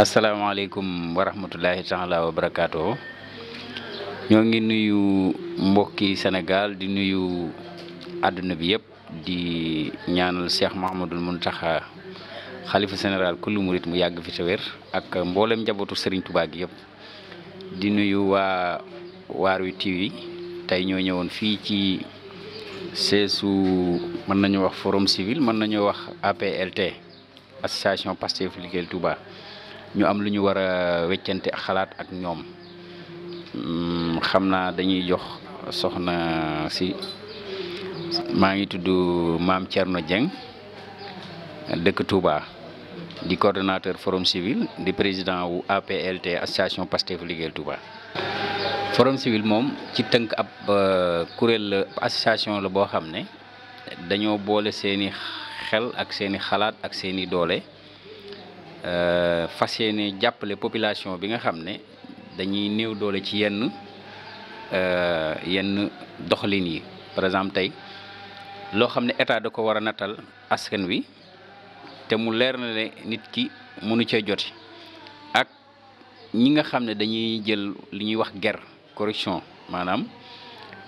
asalaamaaleykum wa rahmatullahi taala wa barakaatu ñoo ngi nuyu mbokki Sénégal di nuyu àdduna bi yëpp di ñaanal Cheikh Mahamadul Muntaxa xalifa général kullu murit mu yàgg fi sa wér ak mboolem njabootu Serigne Touba gi yëpp di nuyu waa Waarwi TV tey ñoo ñëwoon fii ci seesu mën nañu wax forum civil mën nañu wax APLT association Pastef liggéeyal Touba ñu am lu ñu war a weccante ak xalaat ak ñoom hmm, xam naa dañuy jox soxna si maa ngi tudd maam Thierno Dieng dëkk Touba di coordonnateur forum civil di président wu APLT association fu liggéeyal Touba. forum civil moom ci tënk ab euh, kuréel association la boo xam ne dañoo boole seeni xel ak seeni xalaat ak seeni doole. Euh, fas yéene jàppale population bi nga xam ne dañuy néew doole ci yenn euh, yenn doxalin yi par exemple tey loo xam ne état da ko war a nattal askan wi te mu leer na ne nit ki mënu cee joti ak ñi nga xam ne dañuy jël li ñuy wax ger corruption maanaam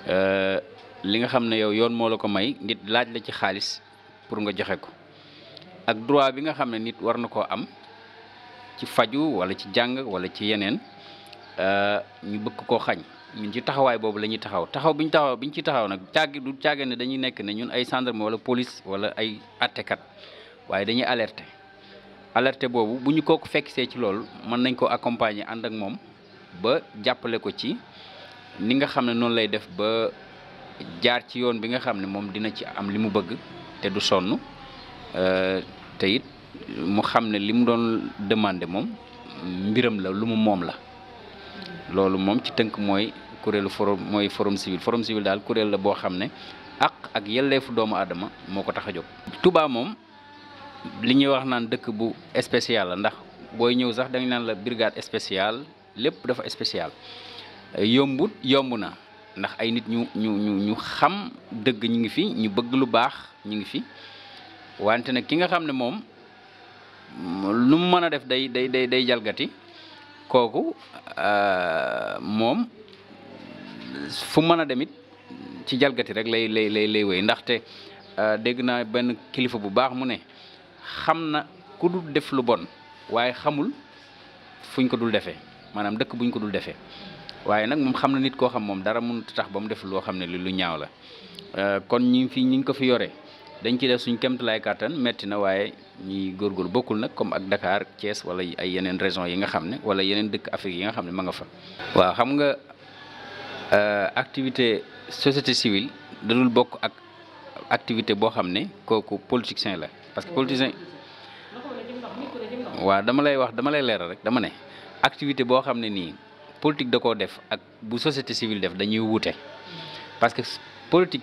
euh, li nga xam ne yow yoon moo la ko may nit laaj la ci xaalis pour nga joxe ko ak droit bi nga xam ne nit war na koo am ci faju wala ci jàng wala ci yeneen euh, ñu bëgg koo xañ ñun ci taxawaay boobu la ñuy taxaw taxaw bi ñu taxaw bi ñu ci taxaw nag càgg du càgge ne dañuy nekk ne ñun ay gendarme wala police wala ay attekat waaye dañuy alerter alerte boobu bu ñu fekk see ci loolu mën nañ ko accompagner ànd ak moom ba jàppale ko ci ni nga xam ne noonu lay def ba jaar ci yoon bi nga xam ne moom dina ci am li mu bëgg te du sonn euh, te mu xam ne li mu doon demandé moom mbiram la lu mu moom la loolu moom ci tënk mooy kuréelu forum mooy forom civil forum civil daal kuréel la boo xam ne ak ak yelleefu doomu aadama moo ko tax a jóg. Touba moom li ñuy wax naan dëkk bu spécial la ndax booy ñëw sax dañ naan la brigade spéciale lépp dafa spécial yombut yomb na ndax ay nit ñu ñu ñu ñu xam dëgg ñu ngi fi ñu bëgg lu baax ñu ngi fi wante nag ki nga xam ne moom. lu mu mën a def day day day day jalgati kooku euh, moom fu mën a demit ci jalgati rek lay lay lay lay ndaxte euh, dégg naa benn kilifa bu baax mu ne xam na ku dul def lu bon waaye xamul fuñ ko dul defee maanaam dëkk buñ ko dul defee waaye nag moom xam na nit koo xam moom dara mënut tax ba mu def loo xam ne li lu ñaaw la euh, kon ñi fi ñi ngi ko fi yore dañ ci def suñ kemtalaay kàttan métti na waaye ñuy góorgóor bokkul nag comme ak dakaar Thiès wala ay yeneen région yi nga xam ne wala yeneen dëkk Afrique yi nga xam ne ma nga fa waa xam nga euh, activité société civile dadul bokk ak activité boo xam ne kooku politicien la parce que politicien waaw dama lay wax dama lay leeral rek dama ne activité boo xam ne nii politique da koo def ak bu société civile def dañuy wuute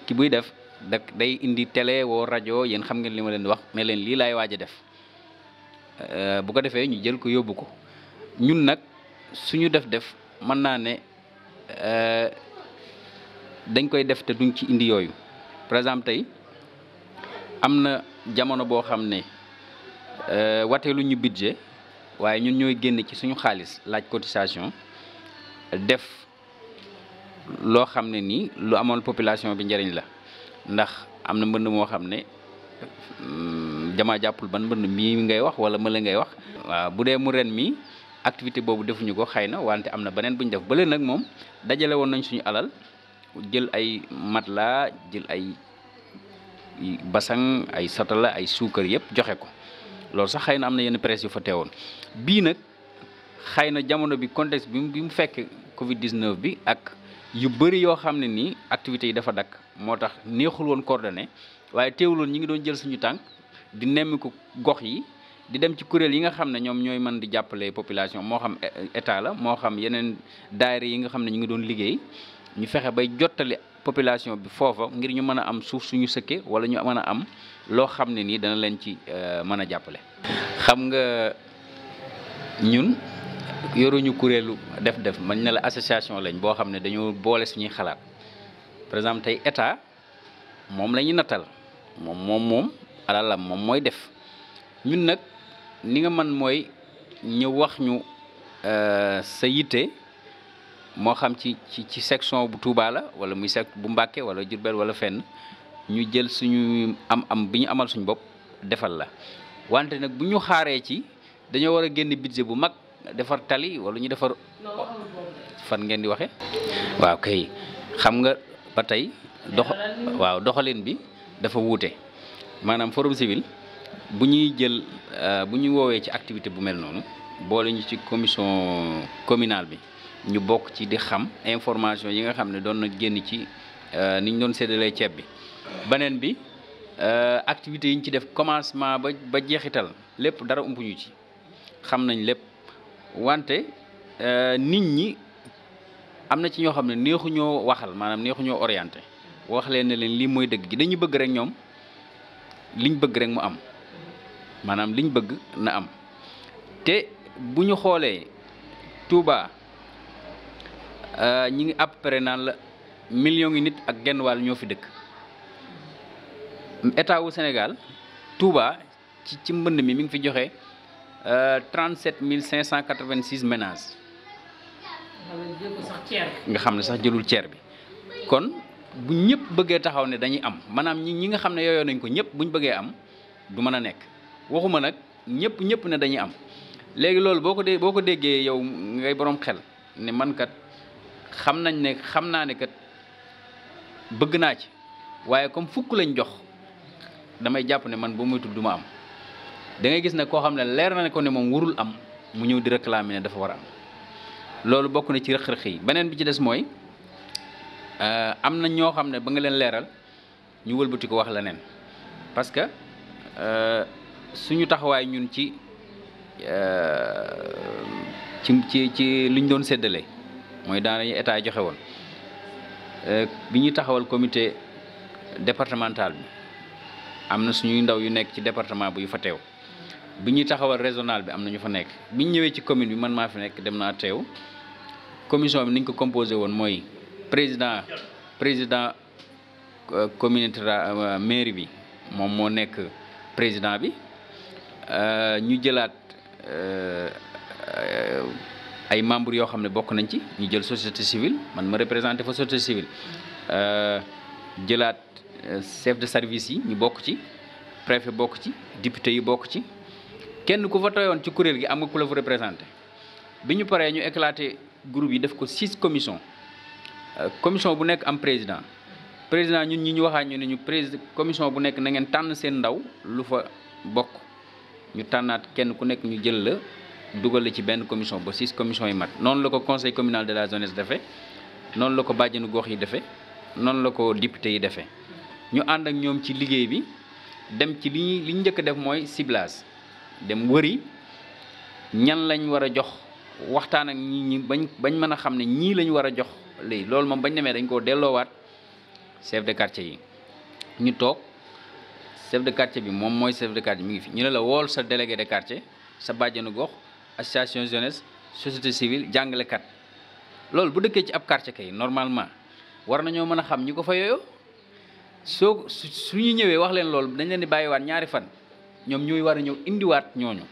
ki buy def da day indi télé woo rajo yéen xam ngeen li ma leen wax mais leen lii laay waaj a def euh, bu ko defee ñu jël ko yóbbu ko ñun nag suñu def def mën naa ne euh, dañ koy def te duñ ci indi yooyu par exemple tey am na jamono boo xam ne euh, wateelu ñu budget waaye ñun ñooy génne ci suñu xaalis laaj cotisation def loo xam ne nii lu amoon population bi njëriñ la ndax am na mbënd moo xam ne mm, jamaa jàppul ban mbënd mii ngay wax wala mële ngay wax. waaw bu dee mu ren mii activité boobu defuñu ko xëy na wante am na beneen bu ñu def bële nag moom dajale woon nañ suñu alal jël ay mat laa jël ay basang ay satala ay suukar yëpp joxe ko loolu sax xëy na am na yenn presse yu fa teewoon bii nag xëy na jamono bi contexte bi mu bi mu fekk Covid 19 bi ak yu bëri yoo xam ne nii activités yi dafa dakk moo tax neexul woon coordonné waaye teewuloon ñu ngi doon jël suñu tànk di nemmiku gox yi di dem ci kuréel yi nga xam ne ñoom ñooy man di jàppale population moo xam état la moo xam yeneen daayira yi nga xam ne ñu ngi doon liggéey ñu fexe bay jottali population bi foofa ngir ñu mën a am suuf suñu sëkke wala ñu mën a am loo xam ne nii dana leen ci euh, mën a jàppale. xam nga ñun yoruñu kuréelu def-def mën na la association lañ boo xam ne dañoo boole suñuy xalaat. par exemple tey état moom la ñuy nattal moom moom moom alalam moom mooy def ñun nag ni nga man mooy ñu wax ñu euh, sa yitte moo xam ci ci ci section bu Touba la wala muy sec bu Mbàkke wala Jurbel wala fenn ñu jël suñu am am bi ñu amal suñu bopp defal la wante nag bu ñu xaaree ci dañoo war a génn budget bu mag defar tali wala ñu defar fan ngeen di waxe waaw kay xam nga ba tey dox waaw doxalin bi dafa wuute maanaam forum bu ñuy jël euh, bu ñuy woowee ci activité bu mel noonu boole ñu ci commission communal bi ñu bokk ci di xam information yi nga xam ne doon na génn ci euh, ni ñu doon séddalee ceeb bi beneen bi euh, activités yi ñu ci def commencement ba ba jeexital lépp dara umpuñu ci xam nañ lépp wante nit ñi am na ci ñoo xam ne neexuñoo waxal maanaam neexuñoo orienté wax leen ne leen lii mooy dëgg gi dañu bëgg rek ñoom liñ bëgg rek mu am maanaam liñ bëgg na am te bu ñu xoolee Touba euh, ñi ngi àpp pare naan la millions yi nit ak genn wàll ñoo fi dëkk état wu Sénégal Touba ci ci mbënd mi mu ngi fi joxe 37 euh, 586 ménages. nga xam ne sax jëlul ceer bi kon bu ñëpp bëggee taxaw ne dañuy am maanaam ñi ñi nga xam ne yooyoo nañ ko ñëpp buñ bëggee am du mën a nekk waxuma nag ñëpp ñëpp ne dañuy am léegi loolu boo ko dee boo ko déggee yow ngay boroom xel ne man kat xam nañ ne xam naa ne kat bëgg naa ci waaye comme fukk lañ jox damay jàpp ne man boo moytul du ma am da gis ne koo xam ne leer na ne ko ne moom warul am mu ñëw di réclamer ne dafa war a am loolu bokk na ci rëq-rëq yi beneen bi ci des mooy euh, am na ñoo xam ne ba nga leen leeral ñu wëlbati ko wax leneen parce que euh, suñu taxawaay ñun ci euh, ci ci ci liñ doon séddale mooy daanañu état joxe woon bi ñuy taxawal comité départemental bi am na su ñuy ndaw yu nekk ci département bu yu fa teew bi ñuy taxawal régional bi am na ñu fa nekk bi ñu ñëwee ci commune bi man maa fi nekk dem naa teew commission bi ni ñu ko composé woon mooy président président euh, communauté euh, mairie bi moom moo nekk président bi euh, ñu jëlaat ay membres yoo xam ne bokk nañ ci ñu jël société civile man ma représenté fa société civile jëlaat chef de service yi ñu bokk ci préfet bokk ci député yi bokk ci kenn ku fa tooyoon ci kuréel gi am nga ku la fa représenté bi ñu paree ñu éclaté groupe yi def ko six commission euh, commission bu nekk am président président ñun ñi ñu waxaat ñu ne ñu président commission bu nekk na ngeen tànn seen ndaw lu fa bokk ñu tànnaat kenn ku nekk ñu jël la dugal la ci benn commission ba six commission yi mat noonu la ko conseil communal de la jeunesse defee noonu la ko bàjjenu gox yi defee noonu la ko député yi defee ñu ànd ak ñoom ci liggéey bi dem ci li li ñu njëkk def mooy ciblage dem wëri ñan lañ war a jox waxtaan ak ñi ñi bañ bañ mën a xam ne ñii lañ war a jox lii loolu moom bañ demee dañ koo delloo waat chef de quartier yi ñu toog chef de quartier bi moom mooy chef de quartier mu ngi fi ñu ne la wool sa délégué de quartier sa bàjjanu gox association jeunesse société civile jàngalekat loolu bu dëkkee ci ab quartier kay normalement war nañoo mën a xam ñi ko fa yooyo soo su ñu ñëwee wax leen loolu dañ leen di bàyyiwaat ñaari fan ñoom ñooy war a ñëw indiwaat ñooñu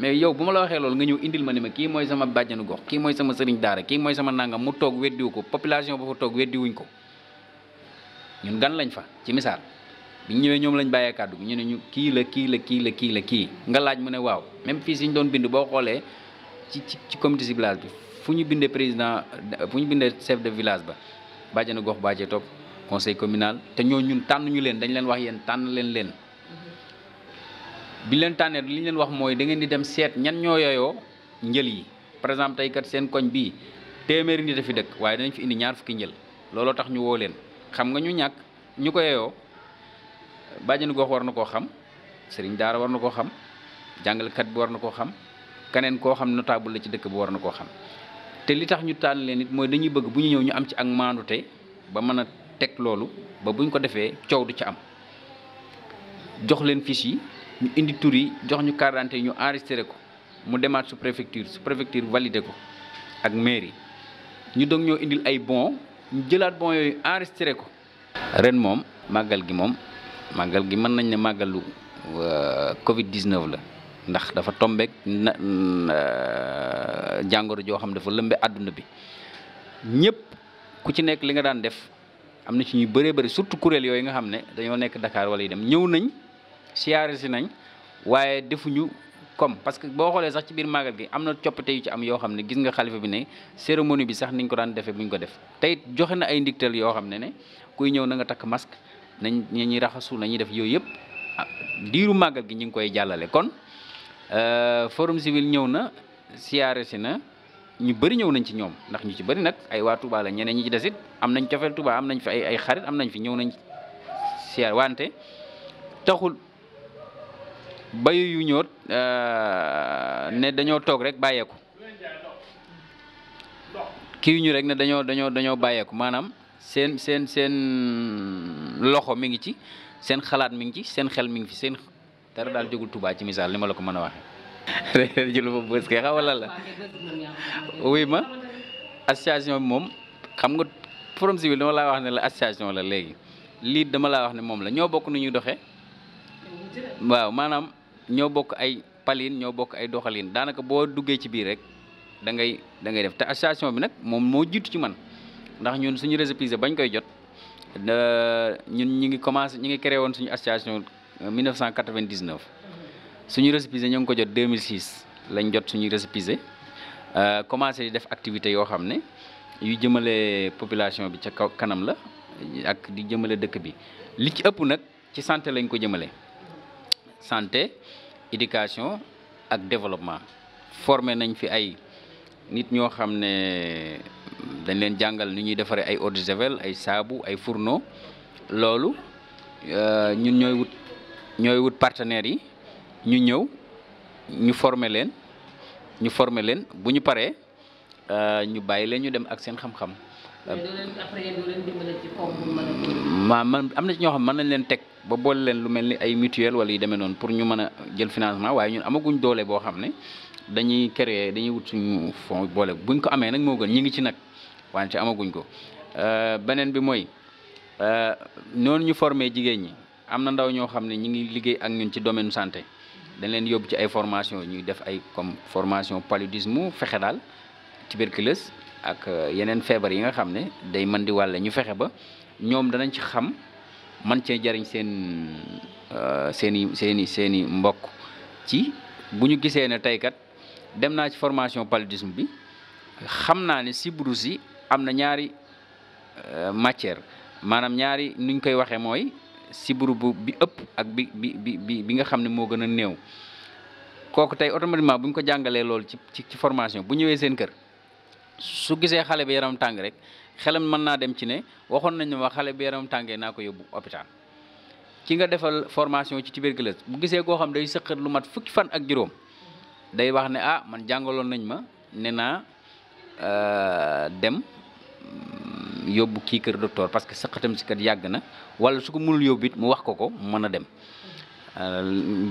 mais yow bu ma la waxee loolu nga ñëw indil ma ni ma kii mooy sama bàjjanu gox kii mooy sama sëriñ daara kii mooy sama nangam mu toog weddiwu ko population ba fa toog weddiwuñ ko ñun gan lañ fa ci misaal bi ñu ñëwee ñoom lañ bàyyee kàddu bi ñu ne ñu kii la kii la kii la kii la kii nga laaj mu ne waaw même fii siñ doon bind boo xoolee ci ci ci comité si village bi fu ñu bindee président fu ñu bindee chef de village ba bàjjanu gox bàjjee topp conseil te ñoo ñun tànn leen dañ leen wax yéen tànn leen leen bi leen tànnee li ñu leen wax mooy da ngeen di dem seet ñan ñoo yooyoo njël yi par exemple tey kat seen koñ bii téeméeri nit a fi dëkk waaye dañu fi indi ñaar fukki njël looloo tax ñu woo leen xam nga ñu ñàkk ñu ko yeyoo bàjjenu gox war na koo xam sëriñ daara war na koo xam jàngalekat bi war na koo xam keneen koo xam notable la ci dëkk bi war na koo xam te li tax ñu tànn leen it mooy dañuy bëgg bu ñu ñëw ñu am ci ak maandute ba mën a teg loolu ba buñ ko defee coow du ci am jox leen fiche ñu indi tur jox ñu carte d'identité ñu enregistré ko mu demaat su préfecture su préfecture validé ko ak mairie ñu doog ñoo indil ay bon jëlaat bon yooyu enregistré ko. ren moom màggal gi moom màggal gi mën nañ ne màggalu euh, Covid 19 la ndax dafa tombeek na euh, jàngoro joo xam dafa lëmbe àdduna bi ñëpp ku ci nekk li nga daan def am na ci ñuy bëree bëri surtout kuréel yooyu nga xam ne dañoo nekk Dakar wala yi dem ñëw nañ. siyaare si nañ waaye defuñu comme parce que boo xoolee sax ci biir màggal gi am na coppite yu ci am yoo xam ne gis nga xalifa bi ne cérémonie bi sax niñ ko daan defee buñ ko def tey joxe na ay ndigtal yoo xam ne ne kuy ñëw na nga takk masque nañ ñuy raxasu nañuy def yooyu yëpp ah diiru màggal gi ñu ngi koy jàllale kon euh, forum civil ñëw na siyaare si na ñu bëri ñëw nañ ci ñoom ndax ñu ci bëri nag ay waa Touba ñeneen ñi ci desit am nañ cofeel tubaa am nañ fi ay ay xarit am nañ fi ñëw nañ siyaar wante taxul bayu yu ñóot euh, ne dañoo toog rek bàyyeeku kii ñu rek ne dañoo dañoo dañoo bàyyeeku maanaam seen seen seen loxo mi ngi ci seen xalaat mi ngi ci seen xel mi ngi fi seen dara daal jógul tubaa ci misaal li ma la ko mën a waxee. réer ji la ma association bi moom xam nga forum civil laa wax ne la association la léegi lii dama laa wax ne moom la ñoo bokk nu doxe waaw maanaam. ñoo bokk ay palin ñoo bokk ay doxaliin daanaka boo duggee ci biir rek da ngay da def te association bi nag moom moo jiitu ci man ndax ñun suñu récépissé bañ koy jot ñun ñu ngi commencé ñu ngi créé woon suñu association 1999 euh, suñu récépissé ñu ngi ko jot 2006 lañ jot suñu récépissé euh, commencé di def activité yoo xam ne yu jëmalee population bi ca kaw kanam la ak di jëmale dëkk bi li ci ëpp nag ci santé lañ ko jëmale santé éducation ak développement formé nañ fi ay nit ñoo xam ne dañ leen jàngal ni ñuy defaree ay eau de ay saabu ay fourneau loolu euh, ñun ñooy wut ñooy wut partenaires yi ñu ñëw ñu former leen ñu former leen bu ñu paree euh, ñu bàyyi leen ñu dem ak seen xam-xam waaw euh, man am na ci ñoo xam ne mën nañ leen teg ba boole leen lu mel ni ay mutuelle wala yu demee noonu pour ñu mën a jël financement waaye ñun amaguñ doole boo xam ne dañuy créer dañuy wut suñu fond boole buñ ko amee nag moo gën ñi ngi ci nag wante amaguñ ko euh, beneen bi mooy euh, noonu ñu formé jigéen ñi am na ndaw ñoo xam ne ñi ngi liggéey ak ñun ci domaine santé dañ leen yóbbu ci ay formation ñuy def ay comme formation paludisme fexe daal tuberculose ak euh, yeneen feebar yi nga xam ne day man di wàlle ñu fexe ba ñoom danañ ci xam man cee jariñ seen euh, seen seeni seen i mbokk ci bu ñu gisee ne tey kat dem naa ci formation paludisme bi xam naa ne sibrus si am na ñaari euh, matière maanaam ñaari nuñ koy waxee mooy sibru bu bi ëpp ak bi bi bi bi nga xam ne moo gën a néew kooku tey automatiquement bu ñu ko jàngalee loolu ci ci formation bu ñëwee seen kër su gisee xale bi yaram tàng rek xelam mën naa dem ci ne waxoon nañ nañu wax xale bi yaram tàngee naa ko yóbbu hôpital ki nga defal formation ci tuberculose bu gisee koo xam day sëqat lu mat fukki fan ak juróom day wax ne ah man jàngaloon nañ ma ne naa euh, dem mm, yóbbu kii kër docteur parce que sëqatam si kat yàgg na wala su ko mënul yóbbu mu wax ko ko mën a dem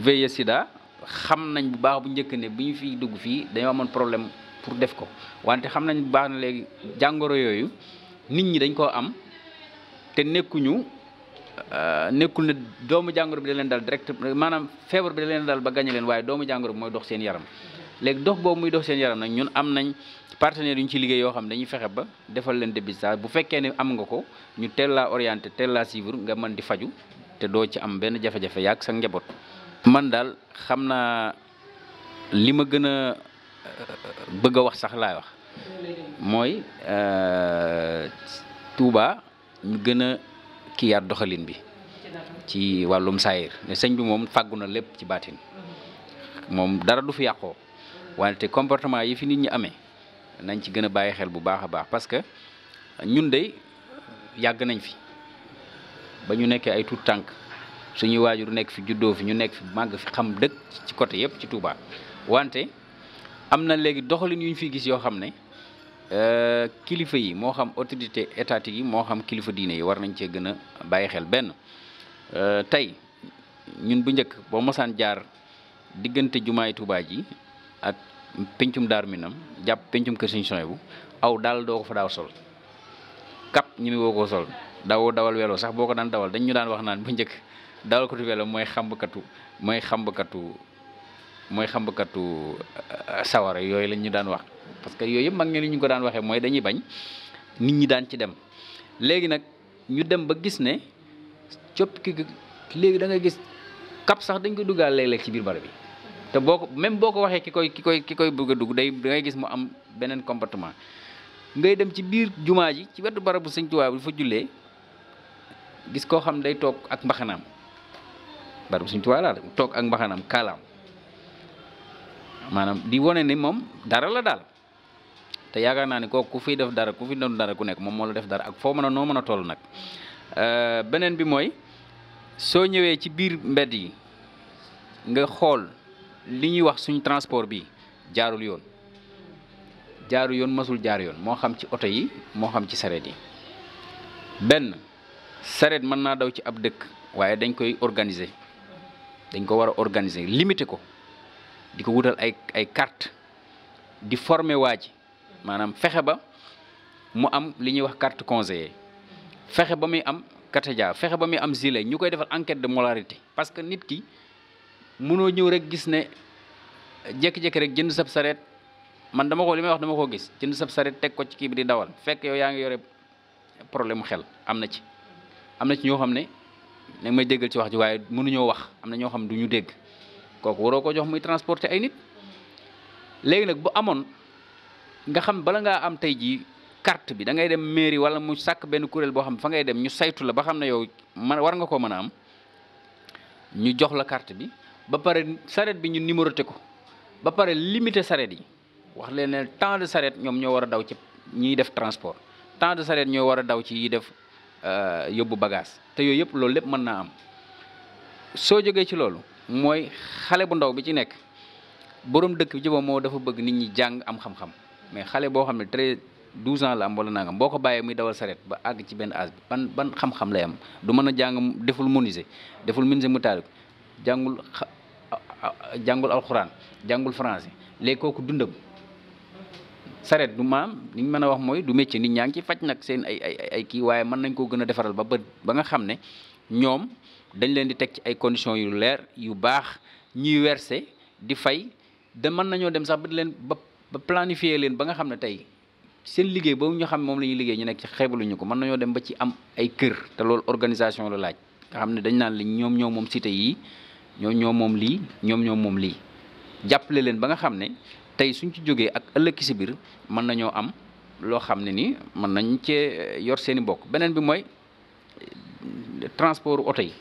VIH euh, sida xam nañ bu baax bu njëkk ne bu ñu fiy dugg fii dañoo amoon problème pour def ko wante xam nañ baax na léegi jàngoro yooyu nit ñi dañ koo am te nekkuñu euh, nekkul ne doomu jàngoro bi da leen dal direct maanaam feebar bi da leen dal ba gañe leen waaye doomu jàngoro bi mooy dox seen yaram léegi dox boobu muy dox seen yaram nag ñun am nañ partenaires yu ñu ci liggéey yoo xam ne dañuy fexe ba defal leen saa bu fekkee ne am nga ko ñu teel laa orienté teel laa suivre nga man di faju te doo ci am benn jafe-jafe ak sa njaboot. bëgg a wax sax laay wax mooy euh, Touba ñu gën a kiyaat doxalin bi ci wàllum saayir ne sëñ bi moom fàggu na lépp ci baatin moom dara du fi yàqoo wante comportement yi fi nit ñi amee nañ ci gën a bàyyi xel bu baax a baax parce que ñun dey yàgg nañ fi ba ñu nekkee ay tuut tànk suñuy waajur nekk fi juddoo fi ñu nekk fi màgg fi xam dëkk ci côté yëpp ci Touba wante am na léegi doxalin yu ñu fi gis yoo xam ne euh, kilifa yi moo xam autorité étatique yi moo xam kilifa diine yi war nañ cee gën a bàyyi xel benn euh, tey ñun bu njëkk boo mosaan jaar diggante jumaay Tuubaa ji ak pencum daar minam jàpp pencum kër Sëñ Suwaybu aw daal doo ko fa daaw sol kap ñu mi woo koo sol dawoo dawal welo sax boo ko daan dawal dañu ñu daan wax naan bu njëkk dawal ko tu mooy xambkatu mooy xambkatu mooy xambakatu euh, sawara yooyu lañ ñu daan wax parce que yooyu yëpp mag ñi li ñu ko daan waxee mooy dañuy bañ nit ñi daan ci dem léegi nag ñu dem ba gis ne copp ki léegi da gis kap sax dañ ko duggaal léeg ci biir barab bi te boo ko même boo ko waxee ki koy ki koy ki koy bëgg a dugg day dangay ngay gis mu am beneen comportement ngay dem ci biir jumaa ji ci wetu barabu Sëñ Tuubaa lu fa jullee gis koo xam day toog ak mbaxanaam barabu Sëñ Tuubaa laa toog ak mbaxanaam kaalaam maanaam di wane ni moom dara la daal te yaakaar naa ni kooku ku fi def dara ku fi doon dara ku nekk moom moo la def dara ak foo mën a noo mën a toll nag euh, beneen bi mooy soo ñëwee ci biir mbedd yi nga xool li ñuy wax suñ transport bi jaarul yoon jaaru yoon masul jaar yoon moo xam ci oto yi moo xam ci sareet yi benn sareet mën naa daw ci ab dëkk waaye dañ koy organise dañ ko war a organiser limiter ko di ko wutal ay ay carte di former waa ji maanaam fexe ba mu am li ñuy wax carte conseiller fexe ba muy am kataja fexe ba muy am gilet ñu koy defal enquête de moralité parce que nit ki mënoo ñëw rek gis ne jékki-jékki rek jënd sab sareet man dama ko li may wax dama ko gis jënd sab sareet teg ko ci kii bi di dawal fekk yow yaa ngi yore problème xel am na ci am na ci ñoo xam ne nag may déggal ci wax ji waaye mënuñoo wax am na ñoo xam duñu dégg kooku waroo ko jox muy transporter ay nit léegi nag bu amoon nga xam bala ngaa am tey jii carte bi da ngay dem mairie wala mu sàkk benn kuréel boo xam fa ngay dem ñu saytu la ba xam ne yow man war nga ko mën a am ñu jox la carte bi ba pare saret bi ñu numéroté ko ba pare limité saret yi wax leen ne temps de saret ñoom ñoo war a daw ci ñiy def transport temps de saret ñoo war a daw ci yi def euh, yóbbu bagage te yooyu yëpp loolu lépp mën naa am soo jógee ci loolu mooy xale bu ndaw bi ci nekk boroom dëkk bi ci boppam moo dafa bëgg nit ñi jàng am xam-xam mais xale boo xam ne très douze ans la am wala nangam boo ko bàyyee muy dawal saret ba àgg ci benn âge bi ban ban xam-xam lay am du mën a jàng deful menuisier deful menuisier métallique jàngul jàngul alxuraan jàngul français léegi kooku dundam saret du maam li ñu mën a wax mooy du métier nit ñaa ngi ci faj nag seen ay ay kii waaye mën nañ koo gën a defaral ba ba ba nga xam ne ñoom dañ leen di teg ci ay conditions yu leer yu baax ñuy verser di fay de mën nañoo dem sax ba di leen ba ba planifier leen ba nga xam ne tey seen liggéey boobu ñu xam moom la liggéey ñu nekk ci xeebaluñu ko mën nañoo dem ba ci am ay te loolu organisation la laaj nga xam ne dañ naan la ñoom ñoo moom cité yii ñoom ñoo moom lii ñoom ñoo moom lii jàppale leen ba nga xam ne tey suñ ci jógee ak ëllëg si biir mën nañoo am loo xam ne nii mën nañ cee yor seen i bokk beneen bi mooy transport oto yi.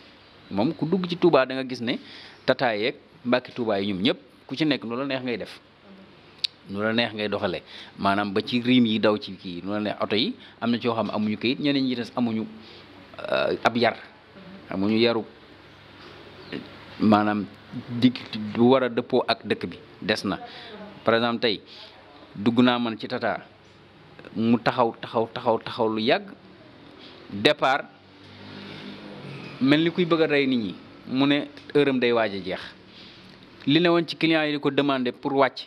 moom ku dugg ci Touba da nga gis ne tataa yeeg Mbàkke Touba yi ñoom ñëpp ku ci nekk nu la neex ngay def nu la neex ngay doxalee maanaam ba ci riim yi daw ci kii nu la neex oto yi am na ci yoo xam amuñu kayit ñeneen ñi des amuñu euh, ab yar amuñu yaru maanaam di du war a dëppoo ak dëkk bi des na par exemple tey dugg naa man ci tataa mu taxaw taxaw taxaw taxaw lu yàgg départ. mel ni kuy bëgg a rey nit ñi mu ne heure day waaj a jeex li ne woon ci client yi di ko demandé pour wàcc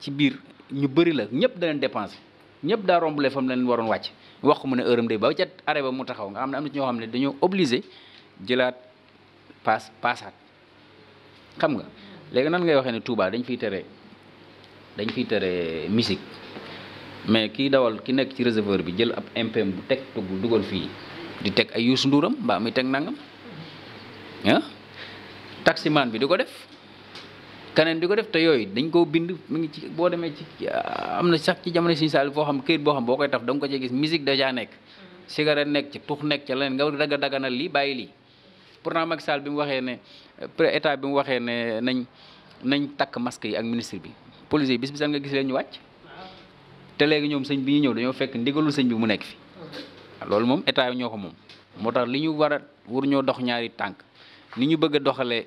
ci biir ñu bëri la ñëpp da leen dépensé ñëpp daa rombule fam leen waroon wàcc wax mu ne heure day ba ca arrêt ba mu taxaw nga xam ne am na ci ñoo xam ne dañoo obligé jëlaat paas paasaat xam nga léegi nan ngay waxee ne Touba dañ fiy tere dañ fiy tere musique mais kiy dawal ki nekk ci réservoir bi jël ab MPM bu teg tugg dugal fii di teg ay Youssou Nduuram mbaa mi teg nangam ah taximaan bi di ko def keneen di ko def te yooyu dañ koo bind mu ngi ci boo demee ci ah, am na sax ci jamono suñu saal foo xam këyit boo xam boo koy taf da nga ko cee gis musique déjà nekk cigarette nekk ci tux nekk ci leneen nga daga daganal lii bàyyi lii pourtant mag Sall bi mu waxee ne pré état bi mu waxee ne nañ nañ takk masque yi ak ministre bi police bis bi nga gis leen ñu wàcc te léegi ñoom sëñ bi ñu ñëw dañoo fekk ndigalul sëñ bi mu nekk fi loolu moom état yi ñoo ko moom moo tax li ñu war a wur ñoo dox ñaari tànk ni ñu bëgg a doxalee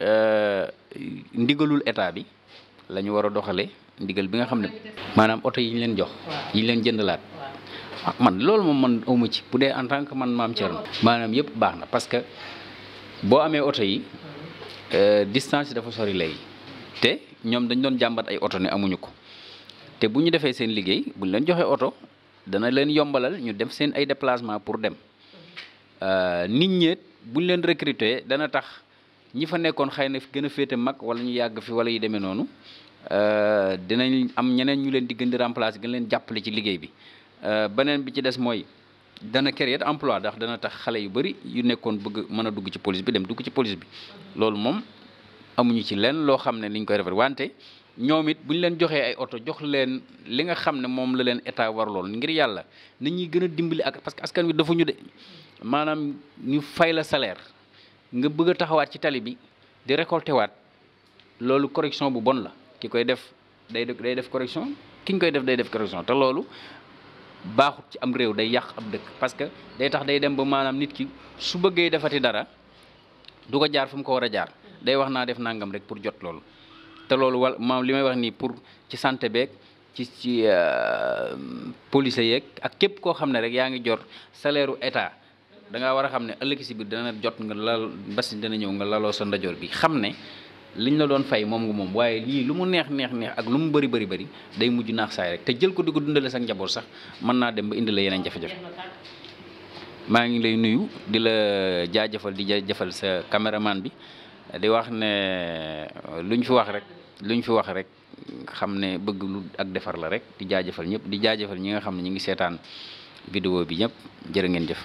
euh, ndigalul état bi lañu ñu war a doxalee ndigal bi nga xam ne maanaam oto yi ñu leen jox yi ñu leen jëndalaat ah, man loolu moom man amu ci bu dee en tant que man maam Thierno maanaam yëpp baax na parce que boo amee oto yi euh, distance dafa sori lay te ñoom dañ doon jàmbat ay oto ne amuñu ko te bu ñu defee seen liggéey buñ leen joxee oto dana leen yombalal ñu def seen ay déplacement pour dem euh, nit ñeet buñ leen recruter dana tax ñi fa nekkoon xëy na gën a féete mag wala ñu yàgg fi wala yu demee noonu euh, dinañ am ñeneen ñu leen di gën di leen jàppale ci liggéey bi euh, beneen bi ci des mooy dana créer emploi ndax dana tax xale yu bëri yu nekkoon bëgg mën a dugg ci police bi dem dugg ci police bi loolu moom amuñu ci lenn loo xam ne liñ koy rafet wante ñoom it bu ñu leen joxee ay oto jox leen li nga xam ne moom la leen état war lool ngir yàlla na ñuy gën a dimbali ak parce que askan wi dafa ñu de maanaam ñu fay la salaire nga bëgg a taxawaat ci tali bi di récolter waat loolu correction bu bon la ki koy def day def day def correction ki ñu koy def day def correction te loolu baaxut ci am réew day yàq ab dëkk parce que day tax day dem ba maanaam nit ki su bëggee defati dara du ko jaar fu mu ko war a jaar day wax naa def nangam rek pour jot loolu. te loolu wal maam li may wax nii pour ci sante beeg ci ci euh, police yeeg ak képp koo xam ne rek yaa ngi jot salaire état da ngaa war a xam ne ëllëg si biir dana jot nga lal basi dana ñëw nga laloo sa ndajoor bi xam ne liñ la doon fay moom moom waaye lii lu mu neex neex neex ak lu mu bëri bari bëri day mujj naax saay rek te jël ko di ko dundale sa njaboot sax mën naa dem ba indi la yeneen jafe-jafe maa ngi lay nuyu di la jaajëfal di jaajëfal sa caméraman bi di wax ne lu luñ fi wax rek lu ñu fi wax rek xam ne bëgg lu ak defar la rek di jaajëfal ñëpp di jaajëfal ñi nga xam ne ñu ngi seetaan vidéo bi ñëpp jërë ngeen jëf